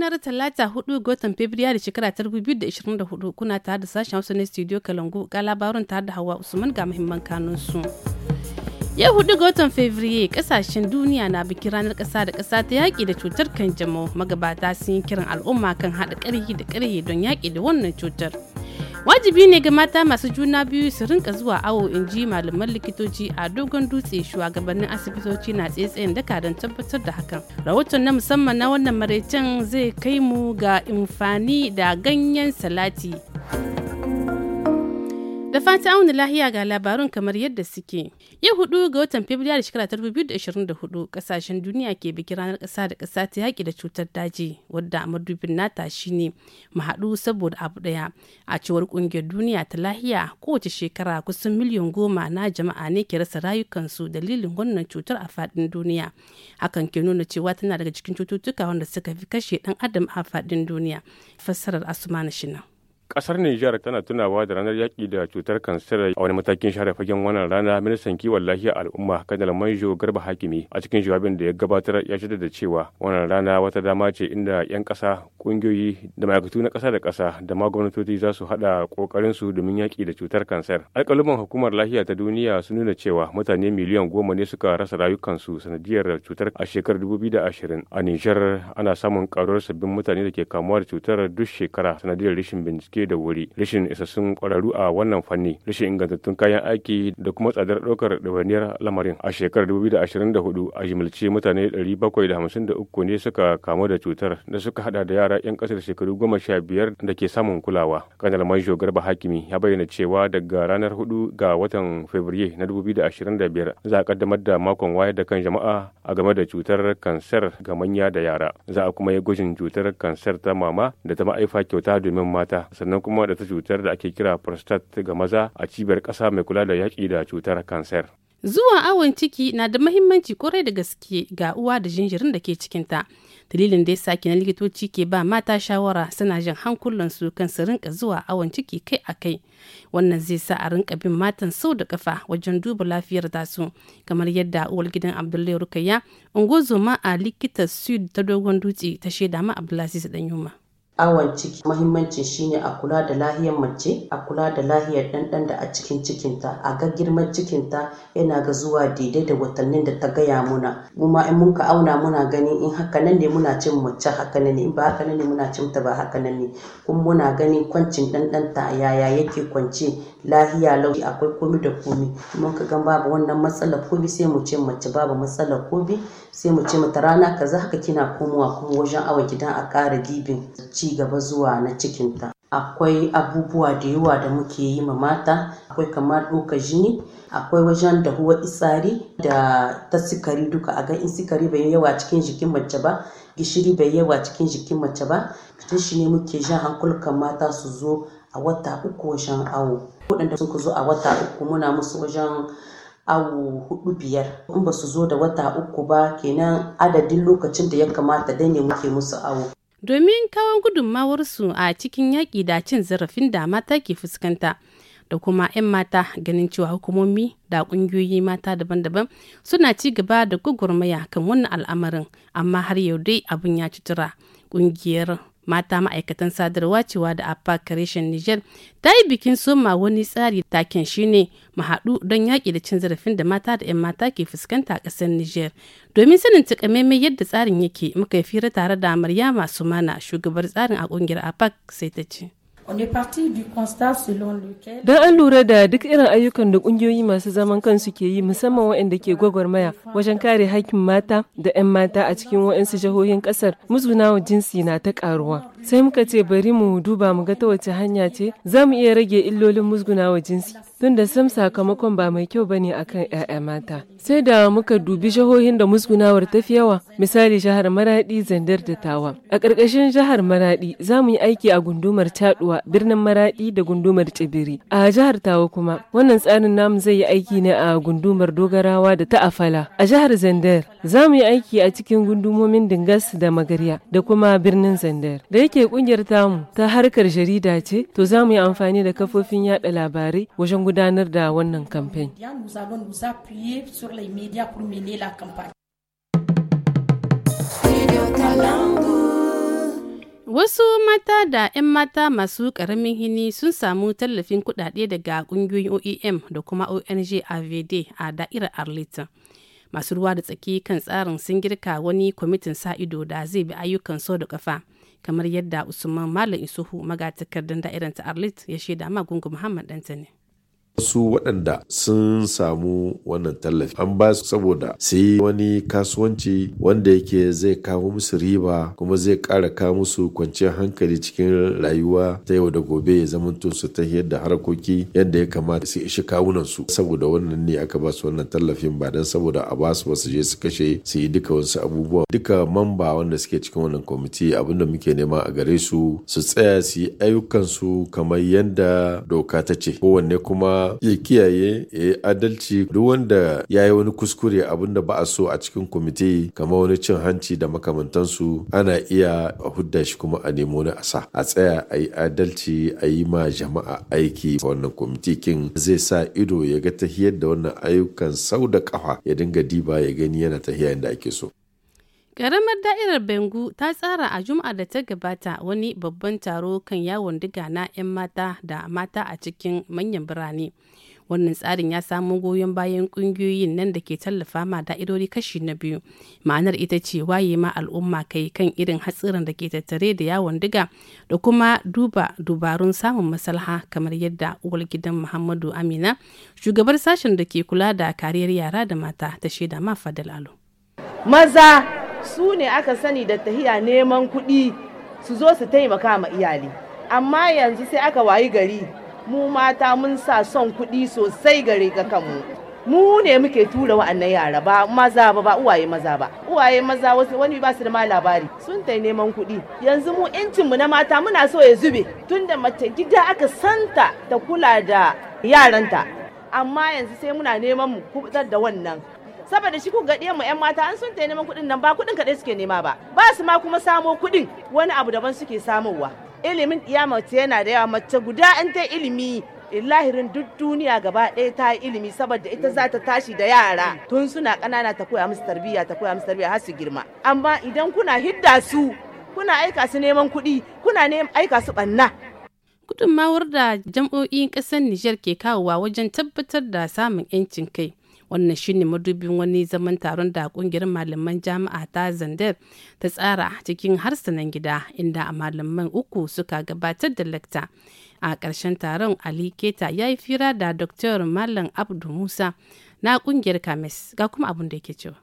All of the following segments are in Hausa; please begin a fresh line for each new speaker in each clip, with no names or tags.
ranar talata 4 ga watan fabrairu shekara ta 2024 kuna tare da sashen hausa na studio kalangu ga labarin tare da hawa usman ga muhimman kanun su yau hudu ga watan fabrairu kasashen duniya na biki ranar kasa da kasa ta yaƙi da cutar kanjamau magabata sun yi kiran al'umma kan haɗa ƙarfi da ƙarfi don yaƙi da wannan cutar wajibi ne ga mata masu juna biyu su rinka zuwa awo in ji malaman likitoci a dogon dutse shugabannin asibitoci na tsaitsayin daka don tabbatar da hakan rahoton na musamman na wannan maraicen zai kai mu ga imfani da ganyen salati Da fata auna lahiya ga labarun kamar yadda suke. Yau hudu ga watan Fabrairu shekara ta 2024 kasashen duniya ke bikin ranar kasa da kasa ta yaƙi da cutar daji wadda madubin nata shine mu haɗu saboda abu ɗaya. A cewar ƙungiyar duniya ta lahiya kowace shekara kusan miliyan goma na jama'a ne ke rasa rayukansu dalilin wannan cutar a faɗin duniya. Hakan ke nuna cewa tana daga cikin cututtuka wanda suka fi kashe ɗan adam a faɗin duniya. Fassarar Asuma Shina.
Kasar Nijar tana tunawa da ranar yaƙi da cutar kansar a wani matakin share fagen wannan rana ministan kiwon lafiya al'umma Kanal Manjo Garba Hakimi a cikin jawabin da ya gabatar ya shaida da cewa wannan rana wata dama ce inda 'yan ƙasa kungiyoyi da ma'aikatu na ƙasa da ƙasa da ma gwamnatoci za su haɗa ƙoƙarinsu domin yaƙi da cutar kansar. Alƙaluman hukumar lafiya ta duniya sun nuna cewa mutane miliyan goma ne suka rasa rayukansu sanadiyar cutar a shekarar 2020. A Nijar ana samun ƙaruwar sabbin mutane da ke kamuwa da cutar duk shekara sanadiyar rashin bincike da wuri, rashin isassun ƙwararru a wannan fanni, rashin ingantattun kayan aiki da kuma tsadar ɗaukar ɗawainiyar lamarin. A shekarar 2024 a jimilce mutane da 753 ne suka kamu da cutar da suka haɗa da yara yara 'yan ƙasa da shekaru goma sha biyar da ke samun kulawa. Kanal Manjo Garba Hakimi ya bayyana cewa daga ranar hudu ga watan Fabrairu na biyar za a kaddamar da makon wayar da kan jama'a a game da cutar kansar ga manya da yara. Za a kuma yi gwajin cutar kansar ta mama da ta ma'aifa kyauta domin mata sannan kuma da ta cutar da ake kira prostate ga maza a cibiyar ƙasa mai kula da yaƙi da cutar kansar.
Zuwa awon ciki na da mahimmanci kwarai da gaske ga uwa da jinjirin da ke cikinta. Dalilin da ya sake na likitoci ke ba mata shawara suna jin hankulansu kan su rinka zuwa awon ciki kai a kai. Wannan zai sa a rinka bin matan sau da kafa wajen duba lafiyar tasu kamar yadda uwar gidan Abdullahi Rukayya, ungozoma a likitar Sud ta dogon dutse ta shaida ma Abdulaziz Danyuma.
awon ciki mahimmancin shine a kula da lahiyar mace a kula da lahiyar ɗanɗan da a cikin cikinta a ga girman cikinta yana ga zuwa daidai da watannin da ta gaya muna mu ma in mun ka auna muna gani in haka nan ne muna cin mace haka nan ne in ba haka nan ne muna cin ta ba haka nan ne kuma muna gani kwancin ɗanɗan ta yaya yake kwance lahiya lau akwai komi da komi mun ka gan babu wannan matsalar komi sai mu ce mace babu matsalar komi sai mu ce mata rana kaza haka kina komowa kuma wajen awa gidan a ƙara gibin ci ci gaba zuwa na cikinta akwai abubuwa da yawa da muke yi ma mata akwai kamar ɗoka jini akwai wajen da huwa itsari da ta sikari duka a ga in sikari bai yawa cikin jikin mace ba gishiri bai yawa cikin jikin mace ba tun shi ne muke jan hankulukan mata su zo a wata uku wajen awo waɗanda sun zo a wata uku muna musu wajen awo hudu biyar in ba su zo da wata uku ba kenan adadin lokacin da ya kamata dai ne muke musu awo
domin kawo gudunmawarsu a cikin yaƙi da cin zarafin da mata ke fuskanta da kuma 'yan mata ganin cewa hukumomi da ƙungiyoyi mata daban-daban suna ci gaba da gugurmaya kan wannan al'amarin amma har yau dai abin ya ci tura ƙungiyar mata ma'aikatan sadarwa cewa da afac reshen niger ta yi bikin soma wani tsari taken shine mu haɗu don yaƙi da cin zarafin da mata da 'yan mata ke fuskanta a ƙasar niger domin sanin takamaiman yadda tsarin yake muka yi fira tare da amarya maryama sumana shugabar
tsarin a ƙungiyar apak sai ta ce Don an lura da duk irin ayyukan da ƙungiyoyi masu zaman kansu ke yi musamman waɗanda ke gwagwarmaya wajen kare haƙƙin mata da 'yan mata a cikin waɗansu jihohin ƙasar, muzunawa jinsi na ta ƙaruwa. sai muka ce bari mu duba mu ga ta wace hanya ce za mu iya rage illolin musgunawa jinsi tunda sam sakamakon ba mai kyau bane akan 'ya'ya mata sai da muka dubi jihohin da musgunawar ta fi yawa misali jihar maradi zandar da tawa a ƙarƙashin jihar maradi za mu yi aiki a gundumar caduwa birnin maradi da gundumar tsibiri a jihar tawa kuma wannan tsarin namu zai yi aiki ne a gundumar dogarawa da ta afala a jihar zandar za mu yi aiki a cikin gundumomin dingas da magarya da kuma birnin zandar da yake kungiyar tamu ta harkar jarida ce to za mu yi amfani da kafofin yada labarai wajen gudanar da wannan kamfen.
Wasu mata da 'yan mata masu ƙaramin hini sun samu tallafin kuɗaɗe daga ƙungiyoyin OEM da kuma ONG AVD a da'irar Arlington. Masu ruwa da tsaki kan tsarin sun girka wani kwamitin sa ido da zai bi ayyukan so da kafa. kamar yadda usman malam isuhu magatakardan irin ta arlit ya shaida ma gungu muhammad ne.
wasu waɗanda sun samu wannan tallafi an ba su saboda sai wani kasuwanci wanda yake zai kawo musu riba kuma zai ƙara kawo musu kwanciyar hankali cikin rayuwa ta yau da gobe ya zamanto su ta da harkoki yadda ya kamata su ishi kawunan su saboda wannan ne aka ba su wannan tallafin ba dan saboda a ba su wasu je su kashe su yi duka wasu abubuwa duka mamba wanda suke cikin wannan kwamiti abinda muke nema a gare su su tsaya su yi ayyukansu kamar yadda doka ta ce kowanne kuma ya kiyaye ya yi adalci duk wanda ya yi wani kuskure abin da ba a so a cikin kwamiti kamar wani cin hanci da makamantansu ana iya hudda shi kuma a nemo na asa a tsaya a yi adalci a yi ma jama'a aiki wannan kwamiti kin zai sa ido ya ga tahiyar da wannan ayyukan sau da kafa ya dinga diba ya gani yana tahiyar da ake so
Ƙaramar da'irar Bengu ta tsara a Juma'a da ta gabata wani babban taro kan yawon diga na 'yan mata da mata a cikin manyan birane. Wannan tsarin ya samu goyon bayan ƙungiyoyin nan da ke tallafa ma da'irori kashi na biyu. Ma'anar ita ce waye ma al'umma kai kan irin hatsirin da ke tattare da yawon diga da kuma duba dubarun samun masalha kamar yadda uwar gidan Muhammadu Amina, shugabar sashen da ke kula da kariyar yara da mata ta shaida ma Fadal Alu.
Maza su ne aka sani da tahiya neman kuɗi su zo su taimaka ma iyali amma yanzu sai aka wayi gari mu mata mun sa son kuɗi sosai gare ga kanmu mu ne muke tura wa'annan yara ba maza ba ba uwaye maza ba uwaye maza wasu wani ba su da ma labari sun tai neman kuɗi yanzu mu incin mu na mata muna so ya zube da mace gida aka santa ta kula da yaranta amma yanzu sai muna neman mu kubutar da wannan saboda shi kun gaɗe mu 'yan mata an sun ta neman kuɗin nan ba kuɗin kaɗai suke nema ba ba su ma kuma samo kuɗin wani abu daban suke samowa ilimin iya mace yana da yawa mace guda an ta ilimi lahirin duk duniya gaba ɗaya ta ilimi saboda ita za ta tashi da yara tun suna ƙanana ta koya musu tarbiyya ta koya musu tarbiyya har su girma amma idan kuna hidda su kuna aika su neman kuɗi
kuna aika su ɓanna kudin mawar da jam'o'in ƙasar Nijar ke kawowa wajen tabbatar da samun 'yancin kai wannan shine madubin wani zaman taron da kungiyar malaman jami'a ta zandar ta tsara cikin harsunan gida inda malaman uku suka gabatar da lakta a ƙarshen taron ali keta ya yi fira da dr malam abdu musa na kungiyar kamis ga kuma abin da yake cewa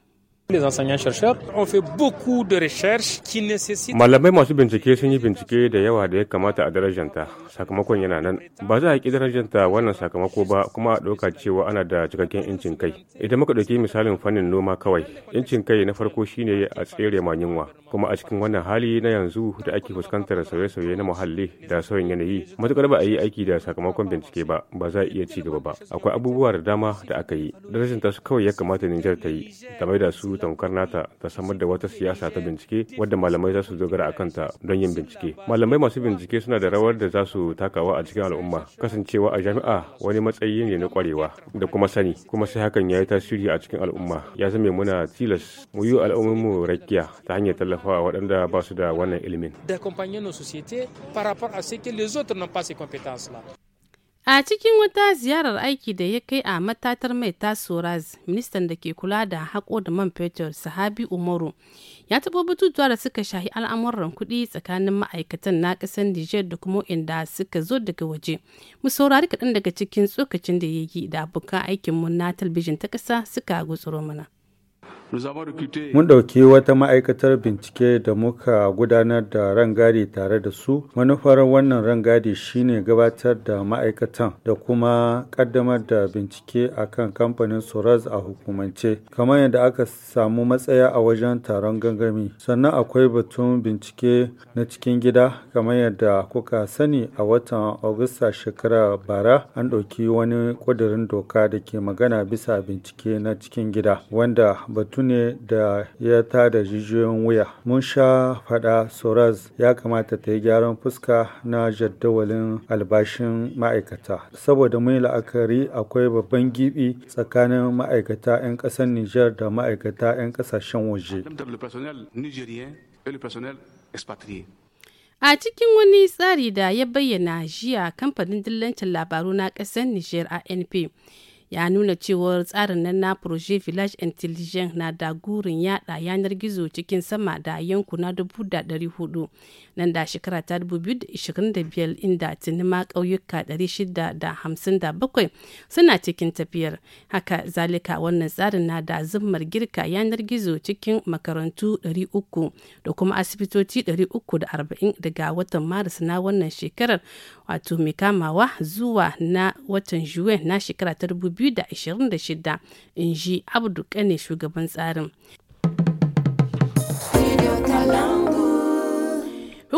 Malamai masu bincike sun yi bincike da yawa da ya kamata a darajanta, sakamakon yana nan. Ba za a ƙi darajanta wannan sakamako ba kuma a ɗauka cewa ana da cikakken incin kai. Idan muka ɗauki misalin fannin noma kawai, incin kai na farko shine a tsere ma yunwa, kuma a cikin wannan hali na yanzu da ake fuskantar sauye-sauye na muhalli da sauyin yanayi, matuƙar ba a yi aiki da sakamakon bincike ba, ba za a iya ci gaba ba. Akwai abubuwa da dama da aka yi, darajanta su kawai ya kamata Nijar ta yi, game da su su tamkar nata ta samar da wata siyasa ta bincike wadda malamai za su dogara a kanta don yin bincike malamai masu bincike suna da rawar da za su takawa a cikin al'umma kasancewa a jami'a wani matsayi ne na kwarewa da kuma sani kuma sai hakan ya yi tasiri a cikin al'umma ya zame muna tilas mu yi al'ummarmu rakiya ta hanyar tallafawa waɗanda ba su da wannan ilimin. da A cikin wata
ziyarar aiki da ya kai a matatar mai tasoraz, ministan da ke kula da haƙo da man fetur Sahabi Umaru ya taɓo batutuwa da suka shahi al'amuran kuɗi tsakanin ma'aikatan na ƙasar Nijar da kuma inda suka zo daga waje. Mu saurari kaɗan daga cikin tsokacin da ya yi da abokan aikinmu na talabijin ta ƙasa suka gutsuro mana.
Mun ɗauki wata ma'aikatar bincike da muka gudanar da rangadi tare da su. Manufar wannan rangadi shine gabatar da ma'aikatan da kuma ƙaddamar da bincike a kan kamfanin Soraz a hukumance, kamar yadda aka samu matsaya a wajen taron gangami. Sannan akwai batun bincike na cikin gida, kamar yadda kuka sani a watan Agusta shekara bara an ɗauki wani ƙudurin doka da ke magana bisa bincike na cikin gida, wanda batun batu ne da ya tada jijiyoyin wuya. Mun sha faɗa Soraz ya kamata ta yi gyaran fuska na jadawalin albashin ma'aikata. Saboda mun yi la'akari akwai babban gibi tsakanin ma'aikata 'yan ƙasar Nijar da ma'aikata 'yan
ƙasashen waje.
A cikin wani tsari da ya bayyana jiya kamfanin dillancin labaru na ƙasar Nijar anp. ya nuna cewar tsarin nan na projet village intelligent na da gurin yada yanar gizo cikin sama da yankuna hudu, nan da shekara ta dubu biyu da da ishirin biyar inda dari shida da hamsin da bakwai suna cikin tafiyar haka zalika wannan tsarin na da zummar girka yanar gizo cikin makarantu dari uku, da kuma asibitoci arba'in, daga watan maris na wannan shekarar wato mai kamawa zuwa na watan juwe na shekara ta dubu 2026 in ji abdu kane shugaban tsarin.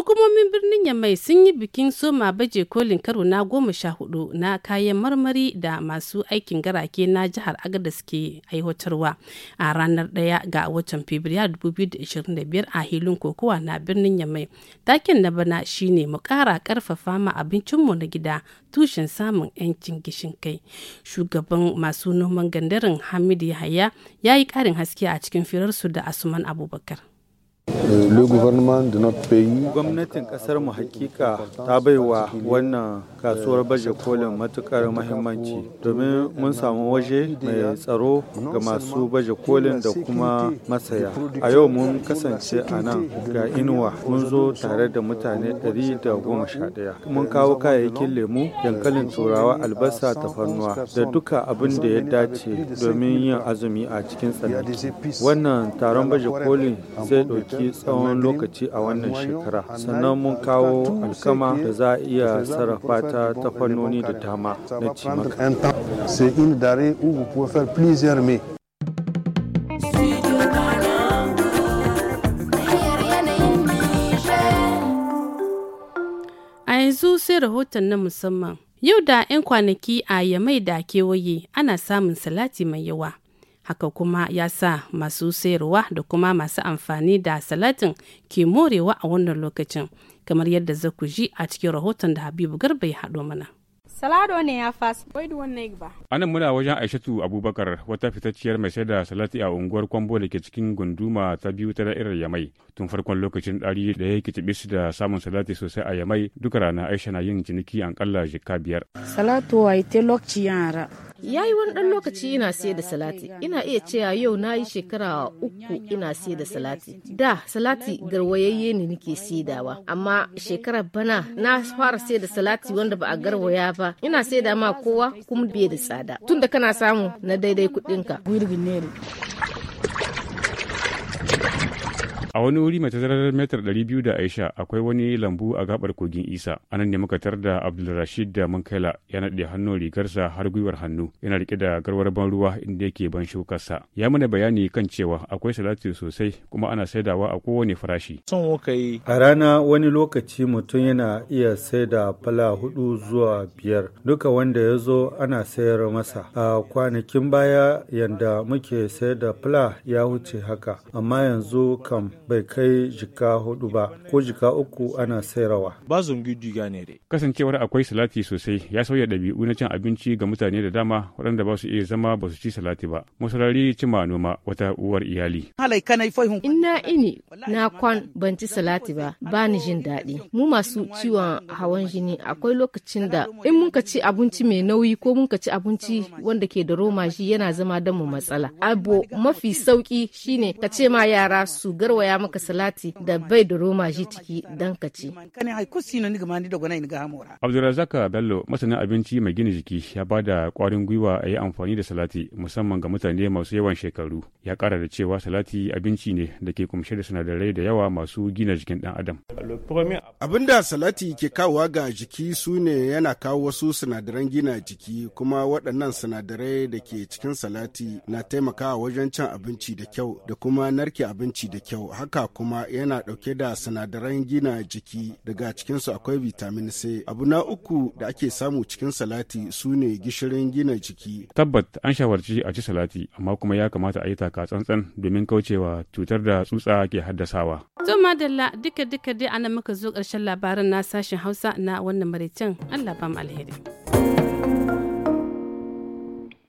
Hukumomin birnin Yamai sun yi bikin soma baje kolin karo na goma sha hudu na kayan marmari da masu aikin garake na jihar Agada suke aiwatarwa a ranar ɗaya ga watan Fabrairu 2025 a hilin kokowa na birnin Yamai. takin na bana shine mu ƙara karfafa ma abincinmu na gida tushen samun 'yancin gishin kai. Shugaban masu noman gandarin hamidu Yahaya ya yi ƙarin haske a cikin firarsu da Asuman Abubakar.
Gwamnatin kasar mu hakika ta baiwa wannan kasuwar baje kolin matukar muhimmanci. domin mun samu waje mai tsaro ga masu baje kolin da kuma masaya. A yau mun kasance a nan ga inuwa mun zo tare da mutane 111. Mun kawo kayayyakin lemu, yankalin turawa, albasa, tafarnuwa da duka abin da ya dace domin yin azumi a cikin tsanaki. Wannan taron baje kolin zai ɗauki tsawon lokaci a wannan shekara sannan mun kawo alkama da za a iya sarrafa ta ta fannoni da dama na cimaka.
yanzu sai rahoton na musamman. Yau da 'yan kwanaki a Yamai da kewaye ana samun salati mai yawa. haka kuma ya sa masu sayarwa da kuma masu amfani da salatin ke morewa a wannan lokacin kamar yadda za ku ji a cikin rahoton da habibu garba ya haɗo mana
salado ne ya fasa bai da
wannan
ba anan muna wajen aishatu abubakar wata fitacciyar mai da salati a unguwar kwambo da ke cikin gunduma ta biyu ta da'irar yamai tun farkon lokacin ɗari da ya kitibi su da samun salati sosai a yamai duka rana aisha na yin ciniki an kalla jikka biyar
salatu a ita lokaci
yara ya yi wani ɗan lokaci ina sai da salati ina iya cewa yau na yi shekara uku ina sai da salati da salati garwayayye ne nake saidawa amma shekarar bana na fara sai da salati wanda ba a garwaya ba ina da ma kowa kuma bai da tsada tunda kana samu na daidai kuɗinka
A wani wuri mai tazarar metar 200 da Aisha akwai wani lambu a gabar kogin Isa. A nan ne muka tar da Abdulrashid da Mankaila ya naɗe hannun rigarsa har gwiwar hannu. Yana rike da garwar ban ruwa inda yake ban shukarsa. Ya mana bayani kan cewa akwai salati sosai kuma ana saidawa a kowane farashi.
Son A
rana wani lokaci
mutum yana iya saida fala hudu zuwa biyar. Duka wanda ya zo ana sayar masa. A kwanakin baya yanda muke sayar da fala ya wuce haka. Amma yanzu kam bai kai jika hudu ba ko jika uku ana sayarwa.
ba ne Kasancewar akwai salati sosai ya sauya dabi'u na cin abinci ga mutane da dama waɗanda ba su iya zama ba su ci salati ba. ci ma noma wata uwar iyali.
Ina ini na kwan ban ci salati ba ba ni jin daɗi. Mu masu ciwon hawan jini akwai lokacin da in mun ka ci abinci mai nauyi ko mun ka ci abinci wanda ke da romaji yana zama damu matsala. abo mafi sauki shine ka ce ma yara su garwaya maka salati da bai da roma shi ciki dan ka ci.
Abdulrazak Bello masanin abinci mai gina jiki ya ba da ƙwarin gwiwa a yi amfani da salati musamman ga mutane masu yawan shekaru. Ya kara da cewa salati abinci ne da ke kumshe da sinadarai da yawa masu gina jikin dan adam. Abin da
salati ke kawowa ga jiki su ne yana kawo wasu sinadaran gina jiki kuma waɗannan sinadarai da ke cikin salati na taimakawa wajen cin abinci da kyau da kuma narke abinci da kyau. haka kuma yana dauke da sinadaran gina jiki daga cikinsu akwai vitamin C. Abu na uku da ake samu cikin salati su ne gishirin
gina jiki. Tabbat an shawarci a ci salati amma kuma ya kamata a yi taka tsantsan domin kaucewa cutar da tsutsa ke haddasawa.
To madalla duka duka dai ana muka zo karshen labarin na sashen Hausa na wannan maraicen Allah ba alheri.